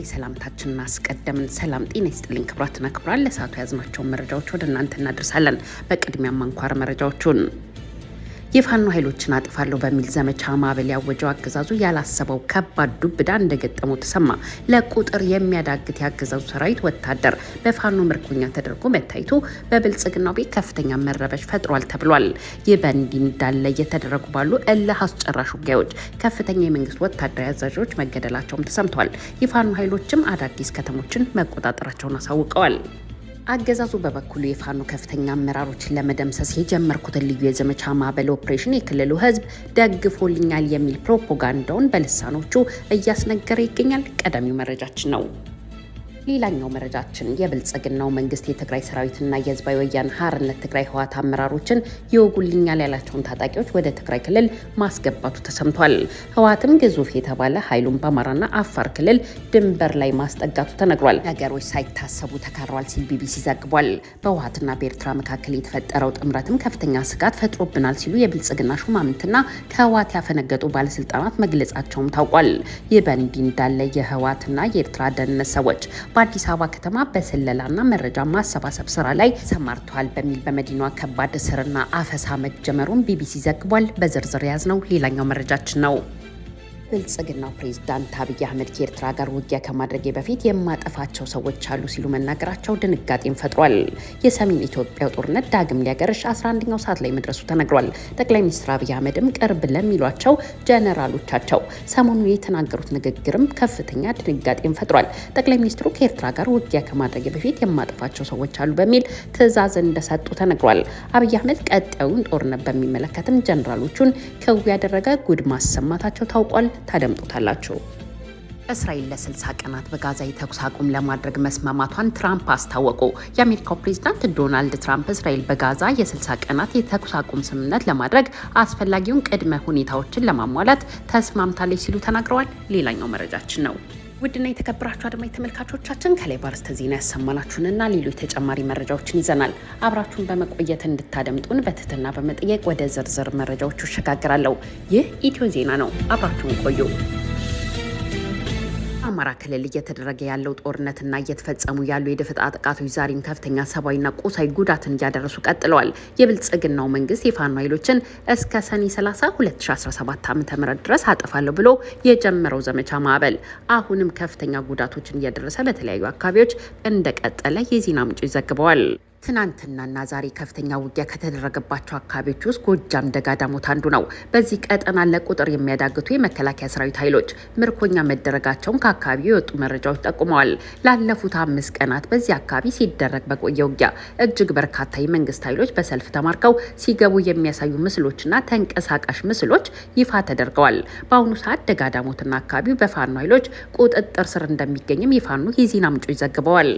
ተከታታይ ሰላምታችን አስቀደምን። ሰላም ጤና ይስጥልኝ ክብራትና ክብራን፣ ለሰዓቱ የያዝናቸውን መረጃዎች ወደ እናንተ እናደርሳለን። በቅድሚያ አንኳር መረጃዎቹን የፋኖ ኃይሎችን አጥፋለሁ በሚል ዘመቻ ማዕበል ያወጀው አገዛዙ ያላሰበው ከባድ ዱብዳ እንደገጠመው ተሰማ። ለቁጥር የሚያዳግት የአገዛዙ ሰራዊት ወታደር በፋኖ ምርኮኛ ተደርጎ መታየቱ በብልጽግናው ቤት ከፍተኛ መረበሽ ፈጥሯል ተብሏል። ይህ በእንዲህ እንዳለ እየተደረጉ ባሉ እልህ አስጨራሽ ውጊያዎች ከፍተኛ የመንግስት ወታደራዊ አዛዦች መገደላቸውም ተሰምቷል። የፋኖ ኃይሎችም አዳዲስ ከተሞችን መቆጣጠራቸውን አሳውቀዋል። አገዛዙ በበኩሉ የፋኖ ከፍተኛ አመራሮችን ለመደምሰስ የጀመርኩትን ልዩ የዘመቻ ማዕበል ኦፕሬሽን የክልሉ ህዝብ ደግፎልኛል የሚል ፕሮፓጋንዳውን በልሳኖቹ እያስነገረ ይገኛል። ቀዳሚው መረጃችን ነው። ሌላኛው መረጃችን የብልጽግናው መንግስት የትግራይ ሰራዊትና የህዝባዊ ወያነ ሓርነት ትግራይ ህወሓት አመራሮችን ይወጉልኛል ያላቸውን ታጣቂዎች ወደ ትግራይ ክልል ማስገባቱ ተሰምቷል። ህወሓትም ግዙፍ የተባለ ኃይሉን በአማራና አፋር ክልል ድንበር ላይ ማስጠጋቱ ተነግሯል። ነገሮች ሳይታሰቡ ተካሯል ሲል ቢቢሲ ዘግቧል። በህወሓትና በኤርትራ መካከል የተፈጠረው ጥምረትም ከፍተኛ ስጋት ፈጥሮብናል ሲሉ የብልጽግና ሹማምንትና ከህወሓት ያፈነገጡ ባለስልጣናት መግለጻቸውም ታውቋል። ይህ በእንዲህ እንዳለ የህወሓትና የኤርትራ ደህንነት ሰዎች በአዲስ አበባ ከተማ በስለላና መረጃ ማሰባሰብ ስራ ላይ ሰማርተዋል በሚል በመዲናዋ ከባድ እስርና አፈሳ መጀመሩን ቢቢሲ ዘግቧል። በዝርዝር የያዝነው ሌላኛው መረጃችን ነው። ብልጽግናው ፕሬዝዳንት አብይ አህመድ ከኤርትራ ጋር ውጊያ ከማድረጌ በፊት የማጠፋቸው ሰዎች አሉ ሲሉ መናገራቸው ድንጋጤን ፈጥሯል። የሰሜን ኢትዮጵያው ጦርነት ዳግም ሊያገረሽ 11ኛው ሰዓት ላይ መድረሱ ተነግሯል። ጠቅላይ ሚኒስትር አብይ አህመድም ቅርብ ለሚሏቸው ጀነራሎቻቸው ሰሞኑ የተናገሩት ንግግርም ከፍተኛ ድንጋጤን ፈጥሯል። ጠቅላይ ሚኒስትሩ ከኤርትራ ጋር ውጊያ ከማድረጌ በፊት የማጠፋቸው ሰዎች አሉ በሚል ትዕዛዝ እንደሰጡ ተነግሯል። አብይ አህመድ ቀጣዩን ጦርነት በሚመለከትም ጀነራሎቹን ክው ያደረገ ጉድ ማሰማታቸው ታውቋል። ታደምጡታላችሁ። እስራኤል ለ60 ቀናት በጋዛ የተኩስ አቁም ለማድረግ መስማማቷን ትራምፕ አስታወቁ። የአሜሪካው ፕሬዝዳንት ዶናልድ ትራምፕ እስራኤል በጋዛ የ60 ቀናት የተኩስ አቁም ስምምነት ለማድረግ አስፈላጊውን ቅድመ ሁኔታዎችን ለማሟላት ተስማምታለች ሲሉ ተናግረዋል። ሌላኛው መረጃችን ነው። ውድና የተከበራችሁ አድማጭ ተመልካቾቻችን ከላይ ባርስተ ዜና ያሰማናችሁንና ሌሎች ተጨማሪ መረጃዎችን ይዘናል። አብራችሁን በመቆየት እንድታደምጡን በትህትና በመጠየቅ ወደ ዝርዝር መረጃዎቹ እሸጋግራለሁ። ይህ ኢትዮ ዜና ነው። አብራችሁን ቆዩ። በአማራ ክልል እየተደረገ ያለው ጦርነትና እየተፈጸሙ ያሉ የደፈጣ ጥቃቶች ዛሬም ከፍተኛ ሰብአዊና ቁሳዊ ጉዳትን እያደረሱ ቀጥለዋል። የብልጽግናው መንግስት የፋኖ ኃይሎችን እስከ ሰኔ 30 2017 ዓ ም ድረስ አጠፋለሁ ብሎ የጀመረው ዘመቻ ማዕበል አሁንም ከፍተኛ ጉዳቶችን እያደረሰ በተለያዩ አካባቢዎች እንደቀጠለ የዜና ምንጮች ዘግበዋል። ትናንትናና ዛሬ ከፍተኛ ውጊያ ከተደረገባቸው አካባቢዎች ውስጥ ጎጃም ደጋዳሞት አንዱ ነው። በዚህ ቀጠና ለቁጥር የሚያዳግቱ የመከላከያ ሰራዊት ኃይሎች ምርኮኛ መደረጋቸውን ከአካባቢው የወጡ መረጃዎች ጠቁመዋል። ላለፉት አምስት ቀናት በዚህ አካባቢ ሲደረግ በቆየ ውጊያ እጅግ በርካታ የመንግስት ኃይሎች በሰልፍ ተማርከው ሲገቡ የሚያሳዩ ምስሎችና ተንቀሳቃሽ ምስሎች ይፋ ተደርገዋል። በአሁኑ ሰዓት ደጋዳሞትና አካባቢው በፋኖ ኃይሎች ቁጥጥር ስር እንደሚገኝም የፋኖ የዜና ምንጮች ዘግበዋል።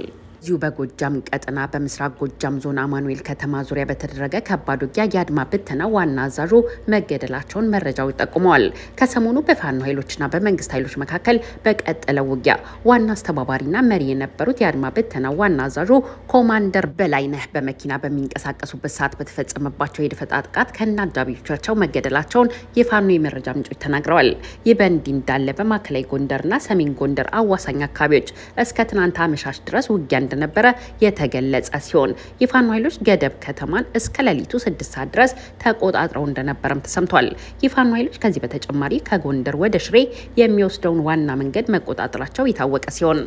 በዚሁ በጎጃም ቀጠና በምስራቅ ጎጃም ዞን አማኑኤል ከተማ ዙሪያ በተደረገ ከባድ ውጊያ የአድማ ብተና ዋና አዛዡ መገደላቸውን መረጃው ጠቁመዋል። ከሰሞኑ በፋኖ ኃይሎችና በመንግስት ኃይሎች መካከል በቀጠለው ውጊያ ዋና አስተባባሪና መሪ የነበሩት የአድማ ብተና ዋና አዛዡ ኮማንደር በላይነህ በመኪና በሚንቀሳቀሱበት ሰዓት በተፈጸመባቸው የድፈጣ ጥቃት ከነ አጃቢዎቻቸው መገደላቸውን የፋኖ የመረጃ ምንጮች ተናግረዋል። ይህ በእንዲህ እንዳለ በማዕከላዊ ጎንደርና ሰሜን ጎንደር አዋሳኝ አካባቢዎች እስከ ትናንት አመሻሽ ድረስ ውጊያ እንደነበረ የተገለጸ ሲሆን የፋኖ ኃይሎች ገደብ ከተማን እስከ ሌሊቱ ስድስት ሰዓት ድረስ ተቆጣጥረው እንደነበረም ተሰምቷል። የፋኖ ኃይሎች ከዚህ በተጨማሪ ከጎንደር ወደ ሽሬ የሚወስደውን ዋና መንገድ መቆጣጠራቸው የታወቀ ሲሆን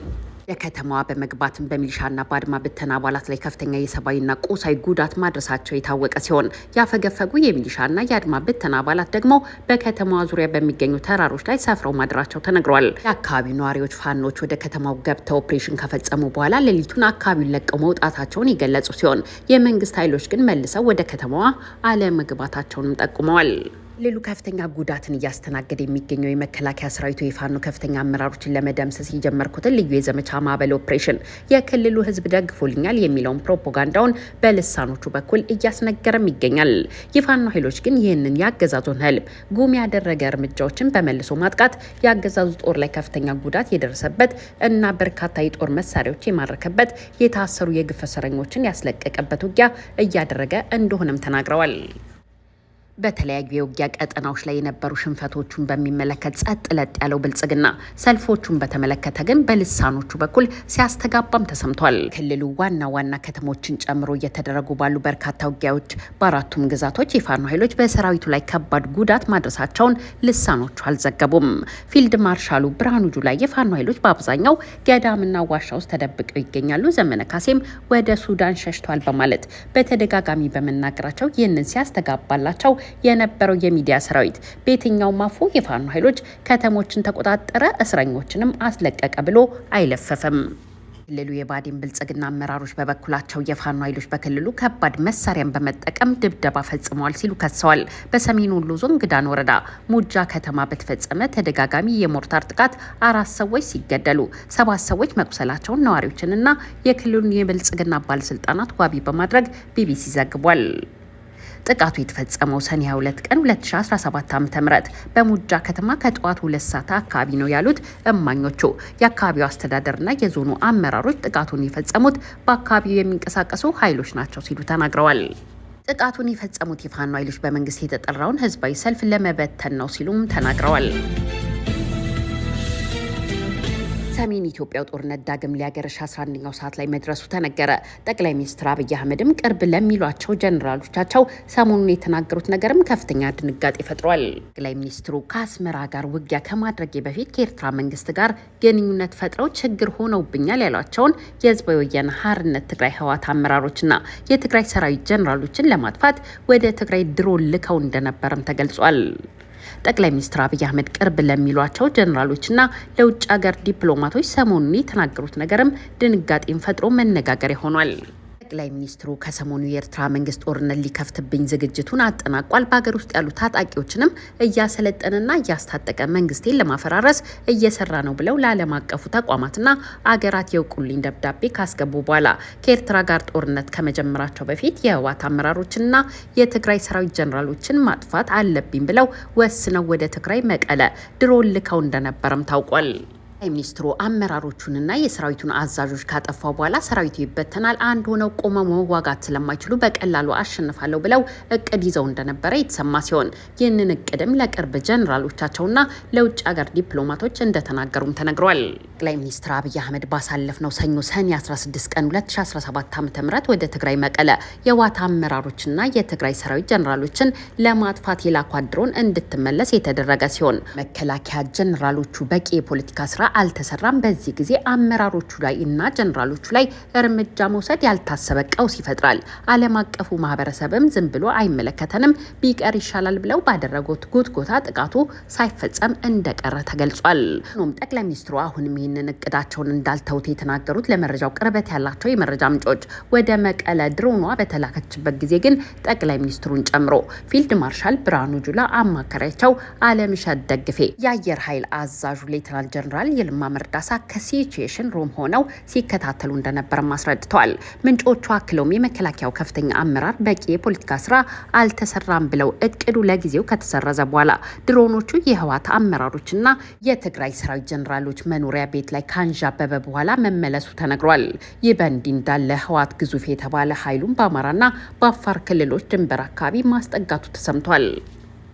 የከተማዋ በመግባትም በሚሊሻና በአድማ ብተና አባላት ላይ ከፍተኛ የሰብአዊና ቁሳዊ ጉዳት ማድረሳቸው የታወቀ ሲሆን ያፈገፈጉ የሚሊሻና የአድማ ብተና አባላት ደግሞ በከተማዋ ዙሪያ በሚገኙ ተራሮች ላይ ሰፍረው ማድራቸው ተነግሯል። የአካባቢው ነዋሪዎች ፋኖች ወደ ከተማው ገብተው ኦፕሬሽን ከፈጸሙ በኋላ ሌሊቱን አካባቢውን ለቀው መውጣታቸውን የገለጹ ሲሆን የመንግስት ኃይሎች ግን መልሰው ወደ ከተማዋ አለመግባታቸውንም ጠቁመዋል። ሌሉ ከፍተኛ ጉዳትን እያስተናገደ የሚገኘው የመከላከያ ሰራዊቱ የፋኖ ከፍተኛ አመራሮችን ለመደምሰስ የጀመርኩትን ልዩ የዘመቻ ማዕበል ኦፕሬሽን የክልሉ ሕዝብ ደግፎልኛል የሚለውን ፕሮፓጋንዳውን በልሳኖቹ በኩል እያስነገረም ይገኛል። የፋኖ ኃይሎች ግን ይህንን የአገዛዙን ህልም ጉም ያደረገ እርምጃዎችን በመልሶ ማጥቃት የአገዛዙ ጦር ላይ ከፍተኛ ጉዳት የደረሰበት እና በርካታ የጦር መሳሪያዎች የማረከበት የታሰሩ የግፍ እስረኞችን ያስለቀቀበት ውጊያ እያደረገ እንደሆነም ተናግረዋል። በተለያዩ የውጊያ ቀጠናዎች ላይ የነበሩ ሽንፈቶቹን በሚመለከት ጸጥ ለጥ ያለው ብልጽግና ሰልፎቹን በተመለከተ ግን በልሳኖቹ በኩል ሲያስተጋባም ተሰምቷል። ክልሉ ዋና ዋና ከተሞችን ጨምሮ እየተደረጉ ባሉ በርካታ ውጊያዎች በአራቱም ግዛቶች የፋኖ ኃይሎች በሰራዊቱ ላይ ከባድ ጉዳት ማድረሳቸውን ልሳኖቹ አልዘገቡም። ፊልድ ማርሻሉ ብርሃኑ ጁላ የፋኖ ኃይሎች በአብዛኛው ገዳምና ዋሻ ውስጥ ተደብቀው ይገኛሉ፣ ዘመነ ካሴም ወደ ሱዳን ሸሽቷል በማለት በተደጋጋሚ በመናገራቸው ይህንን ሲያስተጋባላቸው የነበረው የሚዲያ ሰራዊት በየትኛውም አፎ የፋኖ ኃይሎች ከተሞችን ተቆጣጠረ፣ እስረኞችንም አስለቀቀ ብሎ አይለፈፈም። ክልሉ የባዴን ብልጽግና አመራሮች በበኩላቸው የፋኖ ኃይሎች በክልሉ ከባድ መሳሪያን በመጠቀም ድብደባ ፈጽመዋል ሲሉ ከሰዋል። በሰሜን ወሎ ዞን ግዳን ወረዳ ሙጃ ከተማ በተፈጸመ ተደጋጋሚ የሞርታር ጥቃት አራት ሰዎች ሲገደሉ ሰባት ሰዎች መቁሰላቸውን ነዋሪዎችንና የክልሉን የብልጽግና ባለስልጣናት ዋቢ በማድረግ ቢቢሲ ዘግቧል። ጥቃቱ የተፈጸመው ሰኔ 22 ቀን 2017 ዓ.ም በሙጃ ከተማ ከጠዋት ሁለት ሰዓት አካባቢ ነው ያሉት እማኞቹ የአካባቢው አስተዳደርና የዞኑ አመራሮች ጥቃቱን የፈጸሙት በአካባቢው የሚንቀሳቀሱ ኃይሎች ናቸው ሲሉ ተናግረዋል። ጥቃቱን የፈጸሙት የፋኖ ኃይሎች በመንግስት የተጠራውን ህዝባዊ ሰልፍ ለመበተን ነው ሲሉም ተናግረዋል። ሰሜን ኢትዮጵያው ጦርነት ዳግም ሊያገረሽ 11ኛው ሰዓት ላይ መድረሱ ተነገረ። ጠቅላይ ሚኒስትር አብይ አህመድም ቅርብ ለሚሏቸው ጀኔራሎቻቸው ሰሞኑን የተናገሩት ነገርም ከፍተኛ ድንጋጤ ፈጥሯል። ጠቅላይ ሚኒስትሩ ከአስመራ ጋር ውጊያ ከማድረጌ በፊት ከኤርትራ መንግስት ጋር ግንኙነት ፈጥረው ችግር ሆነውብኛል ያሏቸውን የህዝባዊ ወያነ ሓርነት ትግራይ ህወሓት አመራሮችና የትግራይ ሰራዊት ጀኔራሎችን ለማጥፋት ወደ ትግራይ ድሮን ልከው እንደነበረም ተገልጿል። ጠቅላይ ሚኒስትር አብይ አህመድ ቅርብ ለሚሏቸው ጀኔራሎችና ለውጭ ሀገር ዲፕሎማቶች ሰሞኑን የተናገሩት ነገርም ድንጋጤን ፈጥሮ መነጋገሪያ ሆኗል። ጠቅላይ ሚኒስትሩ ከሰሞኑ የኤርትራ መንግስት ጦርነት ሊከፍትብኝ ዝግጅቱን አጠናቋል፣ በሀገር ውስጥ ያሉ ታጣቂዎችንም እያሰለጠንና እያስታጠቀ መንግስቴን ለማፈራረስ እየሰራ ነው ብለው ለዓለም አቀፉ ተቋማትና አገራት የውቁልኝ ደብዳቤ ካስገቡ በኋላ ከኤርትራ ጋር ጦርነት ከመጀመራቸው በፊት የህወሓት አመራሮችንና የትግራይ ሰራዊት ጀኔራሎችን ማጥፋት አለብኝ ብለው ወስነው ወደ ትግራይ መቀለ ድሮን ልከው እንደነበረም ታውቋል። ሚኒስትሩ አመራሮቹንና የሰራዊቱን አዛዦች ካጠፋ በኋላ ሰራዊቱ ይበተናል፣ አንድ ሆነው ቆመው መዋጋት ስለማይችሉ በቀላሉ አሸንፋለሁ ብለው እቅድ ይዘው እንደነበረ የተሰማ ሲሆን ይህንን እቅድም ለቅርብ ጀኔራሎቻቸውና ለውጭ ሀገር ዲፕሎማቶች እንደተናገሩም ተነግሯል። ጠቅላይ ሚኒስትር አብይ አህመድ ባሳለፍነው ሰኞ ሰኔ 16 ቀን 2017 ዓ ም ወደ ትግራይ መቀለ የዋታ አመራሮችና የትግራይ ሰራዊት ጀኔራሎችን ለማጥፋት የላኳት ድሮን እንድትመለስ የተደረገ ሲሆን መከላከያ ጀኔራሎቹ በቂ የፖለቲካ ስራ አልተሰራም። በዚህ ጊዜ አመራሮቹ ላይ እና ጀኔራሎቹ ላይ እርምጃ መውሰድ ያልታሰበ ቀውስ ይፈጥራል። ዓለም አቀፉ ማህበረሰብም ዝም ብሎ አይመለከተንም ቢቀር ይሻላል ብለው ባደረጉት ጉትጎታ ጥቃቱ ሳይፈጸም እንደቀረ ተገልጿል። ሆኖም ጠቅላይ ሚኒስትሩ አሁንም ይህንን እቅዳቸውን እንዳልተውት የተናገሩት ለመረጃው ቅርበት ያላቸው የመረጃ ምንጮች ወደ መቀለ ድሮኗ በተላከችበት ጊዜ ግን ጠቅላይ ሚኒስትሩን ጨምሮ ፊልድ ማርሻል ብርሃኑ ጁላ፣ አማካሪያቸው አለምሸት ደግፌ፣ የአየር ኃይል አዛዡ ሌተናል ጀኔራል የልማ መርዳሳ ከሲቹዌሽን ሩም ሆነው ሲከታተሉ እንደነበርም አስረድተዋል። ምንጮቹ አክለውም የመከላከያው ከፍተኛ አመራር በቂ የፖለቲካ ስራ አልተሰራም ብለው እቅዱ ለጊዜው ከተሰረዘ በኋላ ድሮኖቹ የህወሓት አመራሮችና የትግራይ ሰራዊት ጀኔራሎች መኖሪያ ቤት ላይ ካንዣበበ በኋላ መመለሱ ተነግሯል። ይህ በእንዲህ እንዳለ ህወሓት ግዙፍ የተባለ ኃይሉን በአማራና በአፋር ክልሎች ድንበር አካባቢ ማስጠጋቱ ተሰምቷል።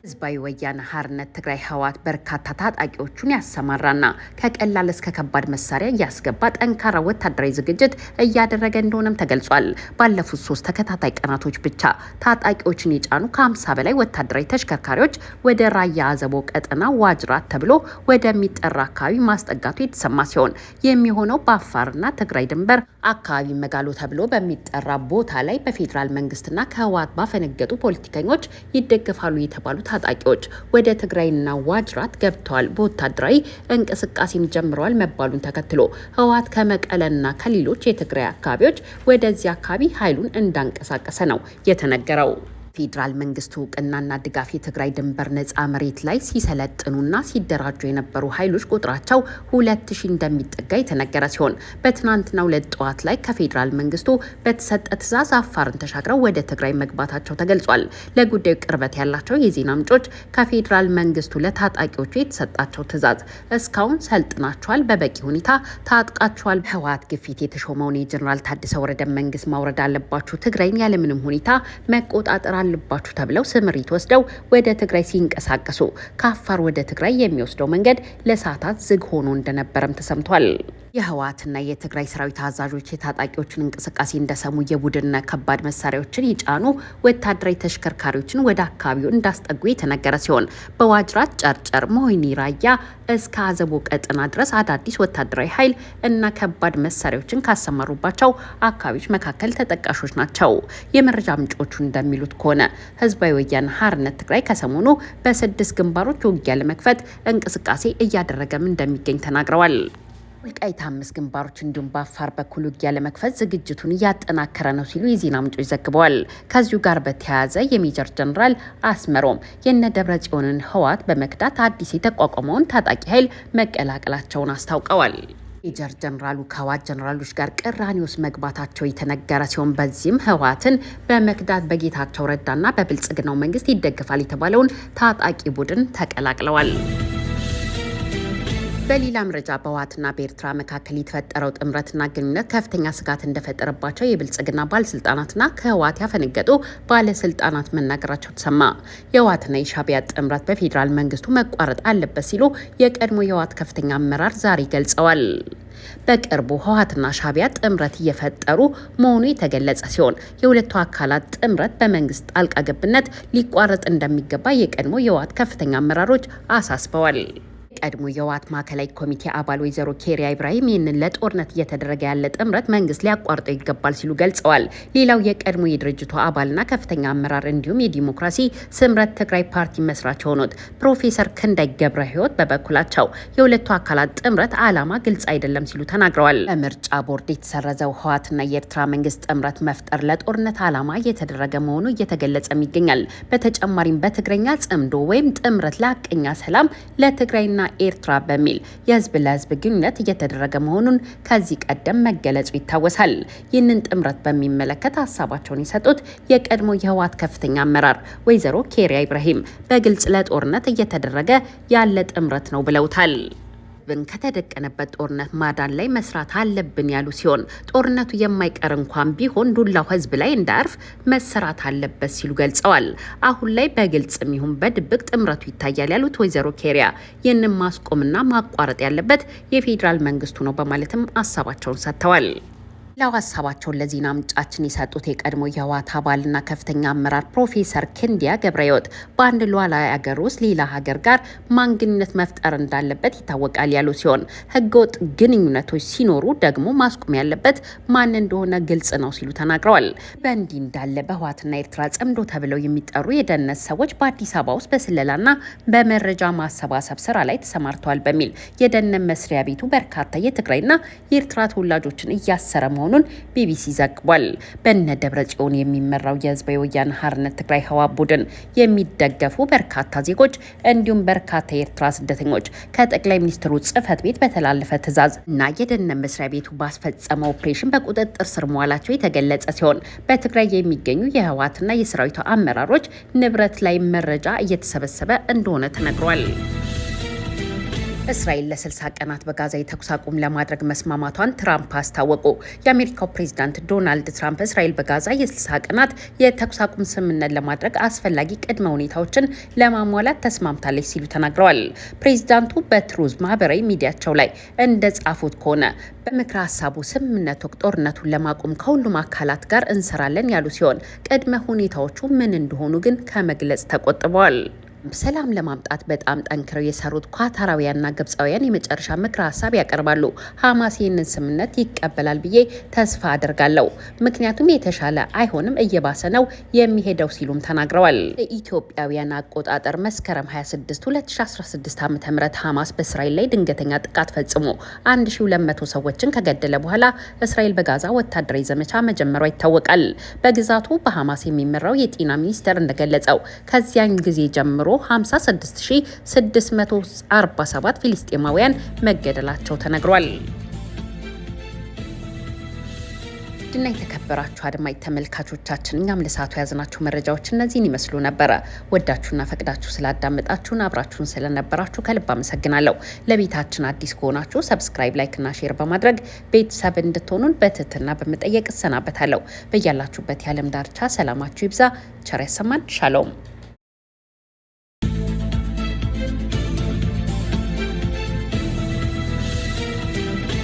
ህዝባዊ ወያነ ሀርነት ትግራይ ህወሓት በርካታ ታጣቂዎቹን ያሰማራና ከቀላል እስከ ከባድ መሳሪያ እያስገባ ጠንካራ ወታደራዊ ዝግጅት እያደረገ እንደሆነም ተገልጿል። ባለፉት ሶስት ተከታታይ ቀናቶች ብቻ ታጣቂዎችን የጫኑ ከ በላይ ወታደራዊ ተሽከርካሪዎች ወደ ራያ አዘቦ ቀጠና ዋጅራት ተብሎ ወደሚጠራ አካባቢ ማስጠጋቱ የተሰማ ሲሆን የሚሆነው በአፋርና ትግራይ ድንበር አካባቢ መጋሎ ተብሎ በሚጠራ ቦታ ላይ በፌዴራል መንግስትና ከህወሓት ባፈነገጡ ፖለቲከኞች ይደገፋሉ የተባሉ ታጣቂዎች ወደ ትግራይና ዋጅራት ገብተዋል፣ በወታደራዊ እንቅስቃሴም ጀምረዋል መባሉን ተከትሎ ህወሓት ከመቀለና ከሌሎች የትግራይ አካባቢዎች ወደዚህ አካባቢ ኃይሉን እንዳንቀሳቀሰ ነው የተነገረው። ፌዴራል መንግስቱ እውቅናና ድጋፍ የትግራይ ድንበር ነፃ መሬት ላይ ሲሰለጥኑና ሲደራጁ የነበሩ ኃይሎች ቁጥራቸው ሁለት ሺ እንደሚጠጋ የተነገረ ሲሆን በትናንትና ሁለት ጠዋት ላይ ከፌዴራል መንግስቱ በተሰጠ ትዕዛዝ አፋርን ተሻግረው ወደ ትግራይ መግባታቸው ተገልጿል። ለጉዳዩ ቅርበት ያላቸው የዜና ምንጮች ከፌዴራል መንግስቱ ለታጣቂዎቹ የተሰጣቸው ትዕዛዝ እስካሁን ሰልጥናቸዋል፣ በበቂ ሁኔታ ታጥቃቸዋል፣ በህወሓት ግፊት የተሾመውን የጀኔራል ታደሰ ወረደ መንግስት ማውረድ አለባቸው ትግራይን ያለምንም ሁኔታ መቆጣጠር አለባችሁ ተብለው ስምሪት ወስደው ወደ ትግራይ ሲንቀሳቀሱ ከአፋር ወደ ትግራይ የሚወስደው መንገድ ለሰዓታት ዝግ ሆኖ እንደነበረም ተሰምቷል። የህወሓትና የትግራይ ሰራዊት አዛዦች የታጣቂዎችን እንቅስቃሴ እንደሰሙ የቡድንና ከባድ መሳሪያዎችን የጫኑ ወታደራዊ ተሽከርካሪዎችን ወደ አካባቢው እንዳስጠጉ የተነገረ ሲሆን በዋጅራት፣ ጨርጨር፣ መሆኒ ራያ እስከ አዘቦ ቀጥና ድረስ አዳዲስ ወታደራዊ ኃይል እና ከባድ መሳሪያዎችን ካሰማሩባቸው አካባቢዎች መካከል ተጠቃሾች ናቸው። የመረጃ ምንጮቹ እንደሚሉት ከሆነ ህዝባዊ ወያነ ሓርነት ትግራይ ከሰሞኑ በስድስት ግንባሮች ውጊያ ለመክፈት እንቅስቃሴ እያደረገም እንደሚገኝ ተናግረዋል። ወልቃይት አምስት ግንባሮች እንዲሁም በአፋር በኩል ውጊያ ለመክፈት ዝግጅቱን እያጠናከረ ነው ሲሉ የዜና ምንጮች ዘግበዋል። ከዚሁ ጋር በተያያዘ የሜጀር ጀነራል አስመሮም የነ ደብረ ጽዮንን ህወሓት በመክዳት አዲስ የተቋቋመውን ታጣቂ ኃይል መቀላቀላቸውን አስታውቀዋል። ሜጀር ጀነራሉ ከህወሓት ጀነራሎች ጋር ቅራኔ ውስጥ መግባታቸው የተነገረ ሲሆን በዚህም ህወሓትን በመክዳት በጌታቸው ረዳና በብልጽግናው መንግስት ይደገፋል የተባለውን ታጣቂ ቡድን ተቀላቅለዋል። በሌላ መረጃ በህወሓትና በኤርትራ መካከል የተፈጠረው ጥምረትና ግንኙነት ከፍተኛ ስጋት እንደፈጠረባቸው የብልጽግና ባለስልጣናትና ከህወሓት ያፈነገጡ ባለስልጣናት መናገራቸው ተሰማ። የህወሓትና የሻቢያ ጥምረት በፌዴራል መንግስቱ መቋረጥ አለበት ሲሉ የቀድሞ የህወሓት ከፍተኛ አመራር ዛሬ ገልጸዋል። በቅርቡ ህወሓትና ሻቢያ ጥምረት እየፈጠሩ መሆኑ የተገለጸ ሲሆን የሁለቱ አካላት ጥምረት በመንግስት ጣልቃ ገብነት ሊቋረጥ እንደሚገባ የቀድሞ የህወሓት ከፍተኛ አመራሮች አሳስበዋል። ቀድሞ የህወሓት ማዕከላዊ ኮሚቴ አባል ወይዘሮ ኬሪያ ኢብራሂም ይህንን ለጦርነት እየተደረገ ያለ ጥምረት መንግስት ሊያቋርጠው ይገባል ሲሉ ገልጸዋል። ሌላው የቀድሞ የድርጅቱ አባልና ከፍተኛ አመራር እንዲሁም የዲሞክራሲ ስምረት ትግራይ ፓርቲ መስራች የሆኑት ፕሮፌሰር ክንዳይ ገብረ ህይወት በበኩላቸው የሁለቱ አካላት ጥምረት ዓላማ ግልጽ አይደለም ሲሉ ተናግረዋል። በምርጫ ቦርድ የተሰረዘው ህወሓትና የኤርትራ መንግስት ጥምረት መፍጠር ለጦርነት ዓላማ እየተደረገ መሆኑ እየተገለጸም ይገኛል። በተጨማሪም በትግረኛ ጽምዶ ወይም ጥምረት ለአቀኛ ሰላም ለትግራይና ኢትዮጵያና ኤርትራ በሚል የህዝብ ለህዝብ ግንኙነት እየተደረገ መሆኑን ከዚህ ቀደም መገለጹ ይታወሳል። ይህንን ጥምረት በሚመለከት ሀሳባቸውን የሰጡት የቀድሞ የህወሓት ከፍተኛ አመራር ወይዘሮ ኬሪያ ኢብራሂም በግልጽ ለጦርነት እየተደረገ ያለ ጥምረት ነው ብለውታል። አለብን፣ ከተደቀነበት ጦርነት ማዳን ላይ መስራት አለብን ያሉ ሲሆን ጦርነቱ የማይቀር እንኳን ቢሆን ዱላው ህዝብ ላይ እንዳርፍ መሰራት አለበት ሲሉ ገልጸዋል። አሁን ላይ በግልጽም ይሁን በድብቅ ጥምረቱ ይታያል ያሉት ወይዘሮ ኬሪያ ይህንን ማስቆምና ማቋረጥ ያለበት የፌዴራል መንግስቱ ነው በማለትም ሀሳባቸውን ሰጥተዋል። ሌላው ሀሳባቸውን ለዜና ምንጫችን የሰጡት የቀድሞ የህወሓት አባልና ከፍተኛ አመራር ፕሮፌሰር ክንዲያ ገብረህይወት በአንድ ሉዓላዊ ሀገር ውስጥ ሌላ ሀገር ጋር ማን ግንኙነት መፍጠር እንዳለበት ይታወቃል ያሉ ሲሆን ህገወጥ ግንኙነቶች ሲኖሩ ደግሞ ማስቆም ያለበት ማን እንደሆነ ግልጽ ነው ሲሉ ተናግረዋል። በእንዲህ እንዳለ በህወሓትና ኤርትራ ጸምዶ ተብለው የሚጠሩ የደህንነት ሰዎች በአዲስ አበባ ውስጥ በስለላና በመረጃ ማሰባሰብ ስራ ላይ ተሰማርተዋል በሚል የደህንነት መስሪያ ቤቱ በርካታ የትግራይና የኤርትራ ተወላጆችን እያሰረ መሆኑ መሆኑን ቢቢሲ ዘግቧል። በነ ደብረ ጽዮን የሚመራው የህዝባዊ ወያነ ሓርነት ትግራይ ህዋ ቡድን የሚደገፉ በርካታ ዜጎች እንዲሁም በርካታ የኤርትራ ስደተኞች ከጠቅላይ ሚኒስትሩ ጽህፈት ቤት በተላለፈ ትዕዛዝ እና የደህንነት መስሪያ ቤቱ ባስፈጸመው ኦፕሬሽን በቁጥጥር ስር መዋላቸው የተገለጸ ሲሆን በትግራይ የሚገኙ የህወሓትና የሰራዊቱ አመራሮች ንብረት ላይ መረጃ እየተሰበሰበ እንደሆነ ተነግሯል። እስራኤል ለ60 ቀናት በጋዛ የተኩስ አቁም ለማድረግ መስማማቷን ትራምፕ አስታወቁ። የአሜሪካው ፕሬዚዳንት ዶናልድ ትራምፕ እስራኤል በጋዛ የ60 ቀናት የተኩስ አቁም ስምምነት ለማድረግ አስፈላጊ ቅድመ ሁኔታዎችን ለማሟላት ተስማምታለች ሲሉ ተናግረዋል። ፕሬዚዳንቱ በትሩዝ ማህበራዊ ሚዲያቸው ላይ እንደጻፉት ከሆነ በምክረ ሀሳቡ ስምምነት ወቅት ጦርነቱን ለማቆም ከሁሉም አካላት ጋር እንሰራለን ያሉ ሲሆን ቅድመ ሁኔታዎቹ ምን እንደሆኑ ግን ከመግለጽ ተቆጥበዋል። ሰላም ለማምጣት በጣም ጠንክረው የሰሩት ኳታራውያንና ግብፃውያን የመጨረሻ ምክረ ሀሳብ ያቀርባሉ። ሀማስ ይህንን ስምምነት ይቀበላል ብዬ ተስፋ አድርጋለሁ፣ ምክንያቱም የተሻለ አይሆንም፣ እየባሰ ነው የሚሄደው ሲሉም ተናግረዋል። ኢትዮጵያውያን አቆጣጠር መስከረም 26 2016 ዓ ም ሀማስ በእስራኤል ላይ ድንገተኛ ጥቃት ፈጽሞ 1200 ሰዎችን ከገደለ በኋላ እስራኤል በጋዛ ወታደራዊ ዘመቻ መጀመሯ ይታወቃል። በግዛቱ በሀማስ የሚመራው የጤና ሚኒስቴር እንደገለጸው ከዚያን ጊዜ ጀምሮ 56647 ፊልስጤማውያን መገደላቸው ተነግሯል። ድና የተከበራችሁ አድማጭ ተመልካቾቻችን እኛም ለሰዓቱ የያዝናችሁ መረጃዎች እነዚህን ይመስሉ ነበረ። ወዳችሁና ፈቅዳችሁ ስላዳመጣችሁን አብራችሁን ስለነበራችሁ ከልብ አመሰግናለሁ። ለቤታችን አዲስ ከሆናችሁ ሰብስክራይብ፣ ላይክ እና ሼር በማድረግ ቤተሰብ እንድትሆኑን በትህትና በመጠየቅ እሰናበታለሁ። በያላችሁበት የዓለም ዳርቻ ሰላማችሁ ይብዛ። ቸር ያሰማን። ሻሎም